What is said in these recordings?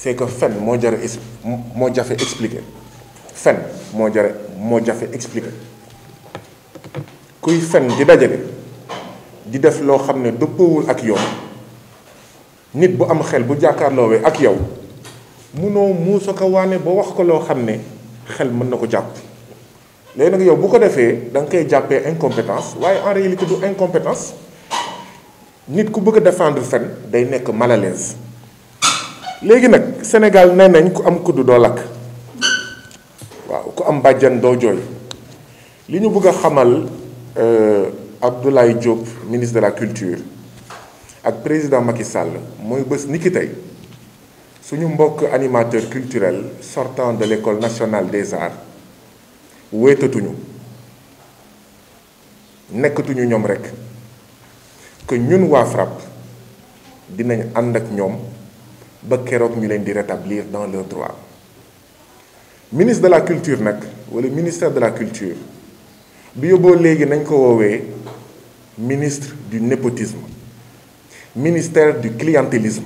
c'est que fen moo jare moo jafe expliquer fen moo jare moo jafe expliquer kuy fen di dajale di def loo xam ne dëppoowul ak yoon nit bu am xel bu jàkkaarloowee ak yow munoo muusa ko waane ba wax ko loo xam ne xel mën na ko jàpp léegi nag yow bu ko defee danga koy jàppee incompétence waaye en réalité du incompétence nit ku bëgg a défendre fen day nekk mal léegi nag Sénégal nee nañ ku am kuddu doo lakk waaw ku am bàjjan doo jooy li ñu bëgg a xamal euh, Abdoulaye Diop ministre de la culture ak président Macky Sall mooy bés ni ki tey suñu mbokk animateur culturel sortant de l'école nationale des arts wéetatuñu nekkatuñu ñoom rek que ñun waa FRAPP dinañ ànd ak ñoom ba keroog ñu leen di rétablir dans leurs droits ministre de la culture nag wala ministère de la culture bu yóbboo léegi nañ ko woowee ministre du népotisme ministère du clientélisme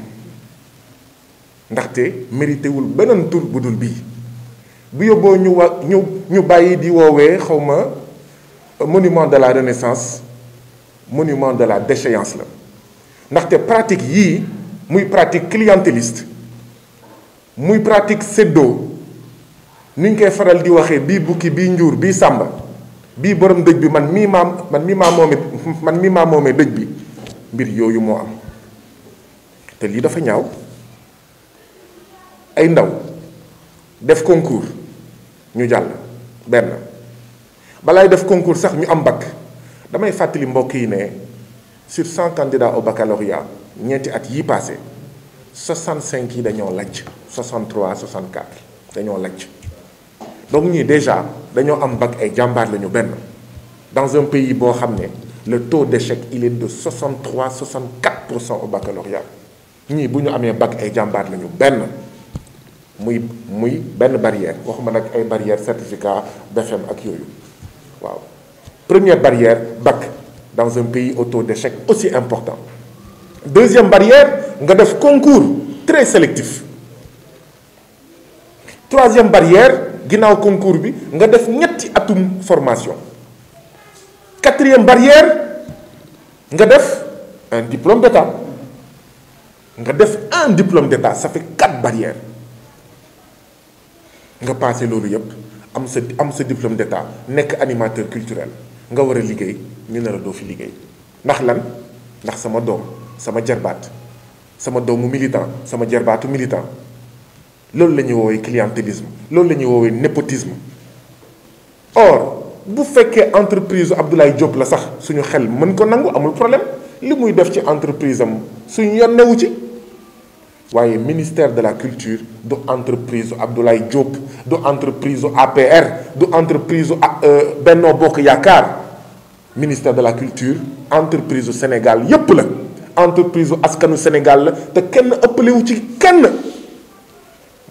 ndaxte méritéwul beneen tur bu dul bii bu yóbboo ñu wa ñu ñu bàyyi di woowee xawma monument de la renaissance monument de la déchéance la ndaxte pratique yii muy pratique clientéliste muy pratique séddoo ni koy faral di waxee bii bukki bii njuur bii sàmba bii borom dëj bi man mii maam man mii maa mii maa moomee dëj bi mbir yooyu moo am te lii dafa ñaw ay ndaw def concours ñu jàll benn balaay def concours sax ñu am bac damay fàttali mbokk yi ne sur cent candidats au baccalauréat ñeenti at yi yii passé cinq yi dañoo lajj 63 64 dañoo lajj donc ñii déjà dañoo am bac ay jàmbaar lañu benn dans un pays boo xam ne le taux d'échec il est de 63 64 pour cent au baccalauréat ñii bu ñu amee bac ay jàmbaar lañu benn muy muy benn barrière waxuma nag ay barrière certificat BFM ak yooyu waaw première barrière bac dans un pays au taux d'échec aussi important deuxième barrière nga def concours très sélectif troisième barrière ginnaaw concours bi nga def ñetti atum formation quatrième barrière nga def un diplôme d'état nga def un diplôme d'état ça fait quatre nga passé loolu yépp am sa am sa diplôme d'état nekk animateur culturel nga war a liggéey ñu ne la doo fi liggéey ndax lan ndax sama doom sama jarbaat sama doomu militant sama jarbaatu militant loolu la ñuy woowee clientélisme loolu la ñuy woowee népotisme or bu fekkee entreprise Abdoulaye Diop la sax suñu xel mën ko nangu amul problème li muy def ci entreprise am suñu yonnewu ci waaye ministère de la culture du entreprise Abdoulaye Diop du entreprise APR du entreprise euh, Benno Bokk Yaakaar ministère de la culture entreprise Sénégal yépp la entreprise u askanu Sénégal la te kenn ëppalewu ci kenn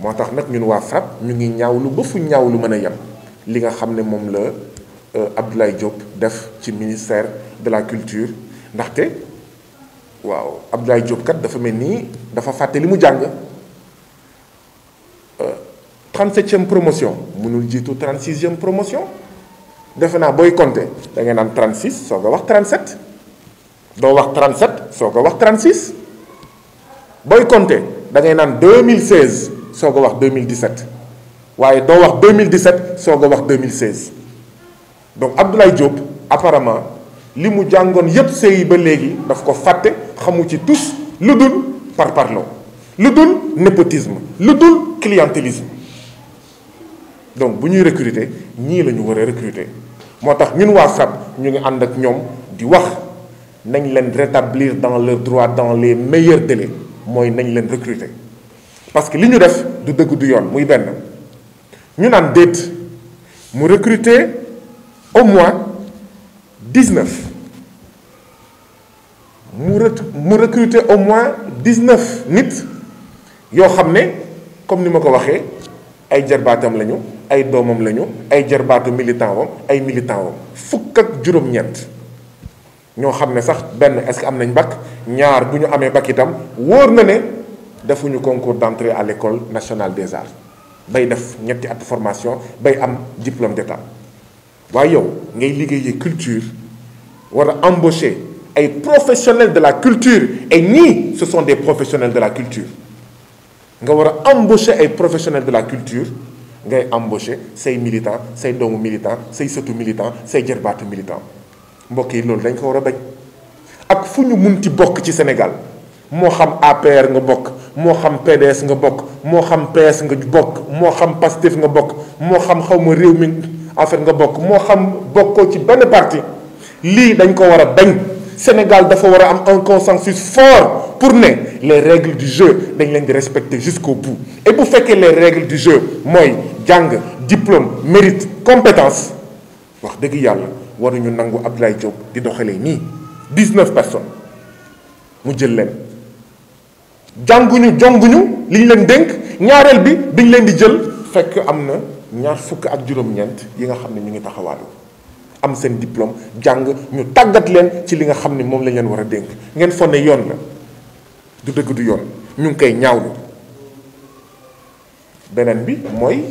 moo tax nag ñun waa FRAPP ñu ngi lu ba fu lu mën a yem li nga xam ne moom la euh, Abdoulaye Diop def ci ministère de la culture ndaxte waaw Abdoulaye Diop kat dafa mel nii dafa fàtte li mu jàng 37e euh, promotion nu jiitu 36e promotion defe naa booy compter da ngay naan 36 soo a wax 37. doo wax 37 soo ko wax 36 boy compter da ngay naan 2016 soo ko wax 2017 waaye doo wax 2017 soo ko wax 2016 donc Abdoulaye Diop apparemment li mu jàngoon yépp séy ba léegi daf ko fàtte xamu ci tous lu dul par parlo lu dul népotisme lu dul clientélisme donc bu ñuy recruter ñii lañu ñu war a moo tax ñun waa SRAB ñu ngi ànd ak ñoom di wax. nañ leen rétablir dans le droits dans les meilleurs délais mooy nañ leen recruter parce que li ñu def du dëgg du yoon muy benn ñu naan déet mu recruter au moins dix-neuf mu re mu recruter au moins dix-neuf nit yoo xam ne comme ni ma ko waxee ay jarbaatam lañu ay doomam lañu ay jarbaatu militant wam ay militant wam fukk ak juróom-ñeent. ñoo xam ne sax benn est-ce que am nañ bakk ñaar bu ñu amee bac itam wóor na ne defuñu concours d'entrée à l'école nationale des arts bay def ñetti at formation bay am diplôme d'état waaye yow ngay liggéeyee culture war a embaucher ay professionnels de la culture et ñii ce sont des professionnels de la culture nga war a embaucher ay professionnels de la culture ngay embaucher say militants say doomu militants say sëtu militants say jërbaatu militants mbokk yi loolu dañ ko war a bañ ak fu ñu munti bokk ci Sénégal moo xam APR nga bokk moo xam PDS nga bokk moo xam PS nga bokk moo xam PASTEF nga bokk moo xam xaw ma réew mi en nga bokk moo xam bokkoo ci benn parti lii dañ ko war a bañ Sénégal dafa war a am un consensus fort pour ne les règles du jeu dañ leen di respecter jusqu'au bout et bu fekkee les règles du jeu mooy jàng diplôme mérite compétence wax dëgg yàlla waruñu nangu Abdoulaye Diop di doxalee nii dix-neuf personnes mu jël leen jànguñu jonguñu liñ leen dénk ñaareel bi biñ leen di jël fekk am na ñaar fukk ak juróom-ñeent yi nga xam ne ñu ngi taxawaalu am seen diplôme jàng ñu tàggat leen ci li nga xam ne moom lañ leen war a dénk ngeen fonne yoon la du dëgg du yoon ñu ngi koy ñaawlu beneen bi mooy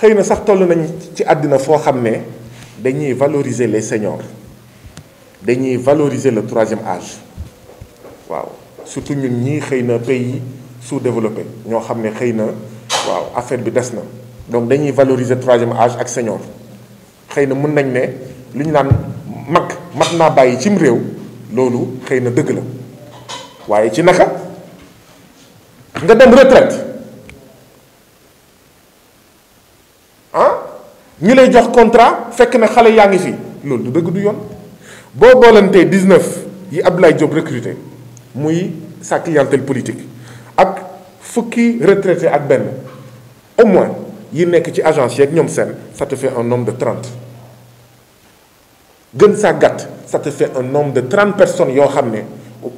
xëy na sax toll nañ ci àddina foo xam ne dañuy valoriser les seniors dañuy valoriser le troisième age waaw surtout ñun ñi xëy na pays sous-développé ñoo xam ne xëy na waaw affaire bi des na donc dañuy valoriser troisième age ak senior xëy na mun nañ ne li ñu naan mag mag naa bàyyi cim réew loolu xëy na dëgg la waaye ci naka nga dem retraite ñu lay jox contrat fekk na xale yaa ngi fi loolu du dëgg du yoon boo boolantee 19 yi Abdoulaye Diop recruté muy sa clientèle politique ak fukki retraité ak benn au moins yi nekk ci agence yeeg ñoom seen ça te fait un nombre de 30 gën saa gàtt ça te fait un nombre de 30 personnes yoo xam ne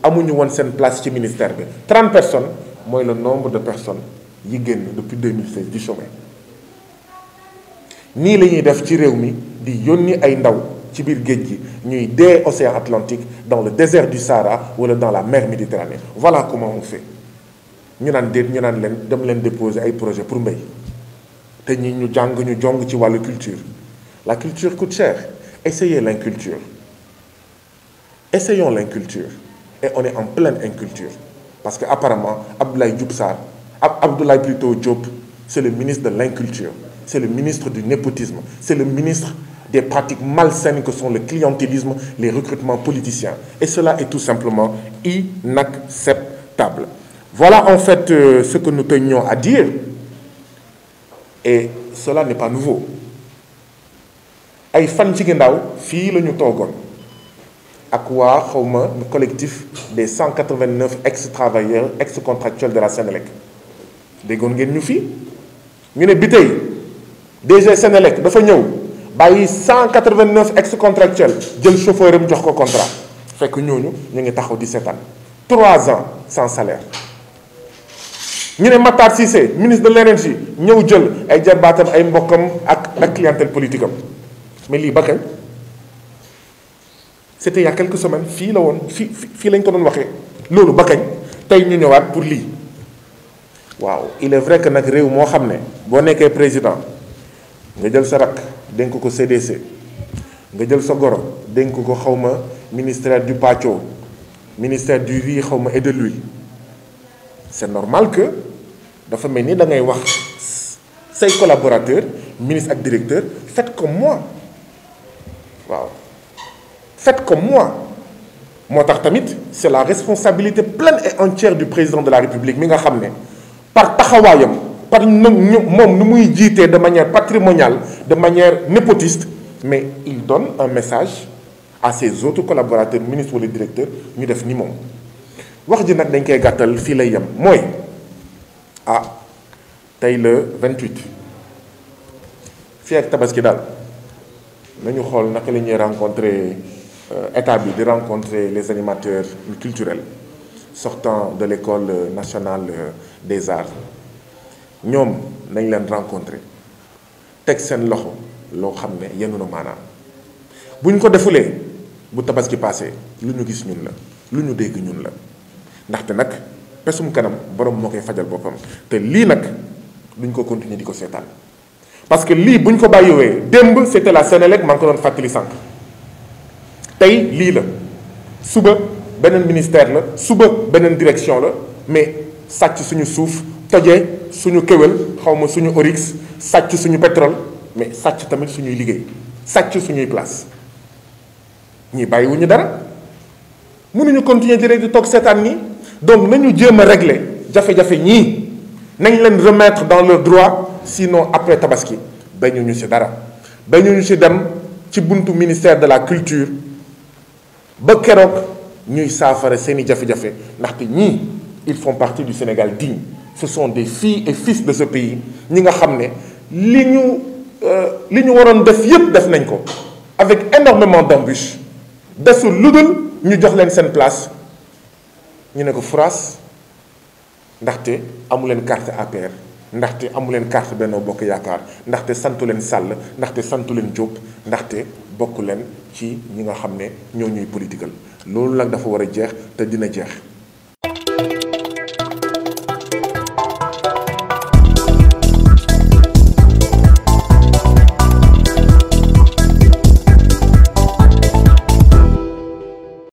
amuñu woon seen place ci ministère bi 30 personnes mooy le nombre de personnes yi génn depuis 2016 di chômer. nii la ñuy def ci réew mi di yónni ay ndaw ci biir géej gi ñuy dee océan Atlantique dans le désert du Sahara wala dans la mer Méditerranée voilà comment on fait ñu naan déet ñu naan leen dem leen déposer ay projet pour mbéy te ñi ñu jàng ñu jong ci wàllu culture la culture coûte cher essayez l'inculture essayons l'inculture et on est en pleine inculture parce que apparemment Abdoulaye Diouf Sarr ab Abdoulaye plutôt Diop c'est le ministre de l'inculture c'est le ministre du népotisme, c'est le ministre des pratiques malsaines que sont le clientélisme, les recrutements politiciens. Et cela est tout simplement inacceptable. Voilà en fait euh, ce que nous tenions à dire. Et cela n'est pas nouveau. ay fan ci ginnaaw fii la ñu toogoon ak waa xawma le collectif des 189 ex travailleurs ex contractuels de la Sénélec déggoon ngeen ñu fii ñu ne DG Sénélec dafa ñëw bàyyi 189 ex contractuels jël chauffeur am jox ko contrat fekk ñooñu ñu ngi taxaw di seetaan 3 ans cent salaire. ñu ne Matar Cissé ministre de l'énergie ñëw jël ay jarbaatam ay mbokkam ak ak clientèle politique am mais lii ba kañ c'était il y a quelques semaines fii la woon fii fii lañ ko doon waxee loolu ba kañ tey ñu ñëwaat pour lii waaw il est vrai que nag réew moo xam ne boo nekkee président. nga jël sa rakk dénk ko CDC nga jël sa goro dénk ko xawma ministère du pàccoo ministère du riz xawma et de l'huile c'est normal que dafa mel ni da ngay wax say collaborateurs ministre ak directeur faites comme moi waaw faites comme moi moo tax tamit c'est la responsabilité pleine et entière du président de la République mi nga xam ne par taxawaayam par nu ñu moom nu muy jiitee de manière patrimoniale de manière népotiste mais il donne un message a ses autres collaborateurs ministres wala directeurs ñu def ni moom wax ji nag dañ koy gàttal fii lay yem mooy ah tey le 28 fii ak tabaski daal nañu xool naka la ñuy rencontrer euh, état bi di rencontrer les animateurs culturels sortant de l'école nationale euh, des arts ñoom nañ leen rencontrer teg seen loxo loo xam ne yenu na maanaam buñ ko defulee bu tabaski passé lu ñu gis ñun la lu ñu dégg ñun la ndaxte nag pesum kanam borom moo koy fajal boppam te lii nag duñ ko continuer di ko seetaan parce que lii buñ ko bàyyiwee démb c'était la Sénélec maa ngi ko doon fàttali sànq tey lii la suba beneen ministère la suba beneen direction la mais sàcc suñu suuf tojee. suñu kéwél xaw ma suñu orix sàcc suñu pétrole mais sàcc tamit suñuy liggéey sàcc suñuy place ñii bàyyiwuñu dara mënuñu continuer di rek di toog seetaan nii donc nañu jéem a régler jafe-jafe ñii nañ leen remettre dans leur droit sinon après tabaski ñu ci dara ñu ci dem ci buntu ministère de la culture ba keroog ñuy saafara seeni jafe-jafe ndaxte ñii il font partie du Sénégal digne ce sont des filles et fils de ce pays ñi nga xam ne li ñu euh, li ñu waroon def yépp def nañ ko avec énormément d'embûches desul lu dul ñu jox leen seen place ñu ne ko France ndaxte amu leen carte APR ndaxte amu leen carte Benno Bokk Yaakaar ndaxte santu leen Sall ndaxte santu leen Diop ndaxte bokk leen ci ñi nga xam ne ñoo ñuy political loolu nag dafa war a jeex te dina jeex.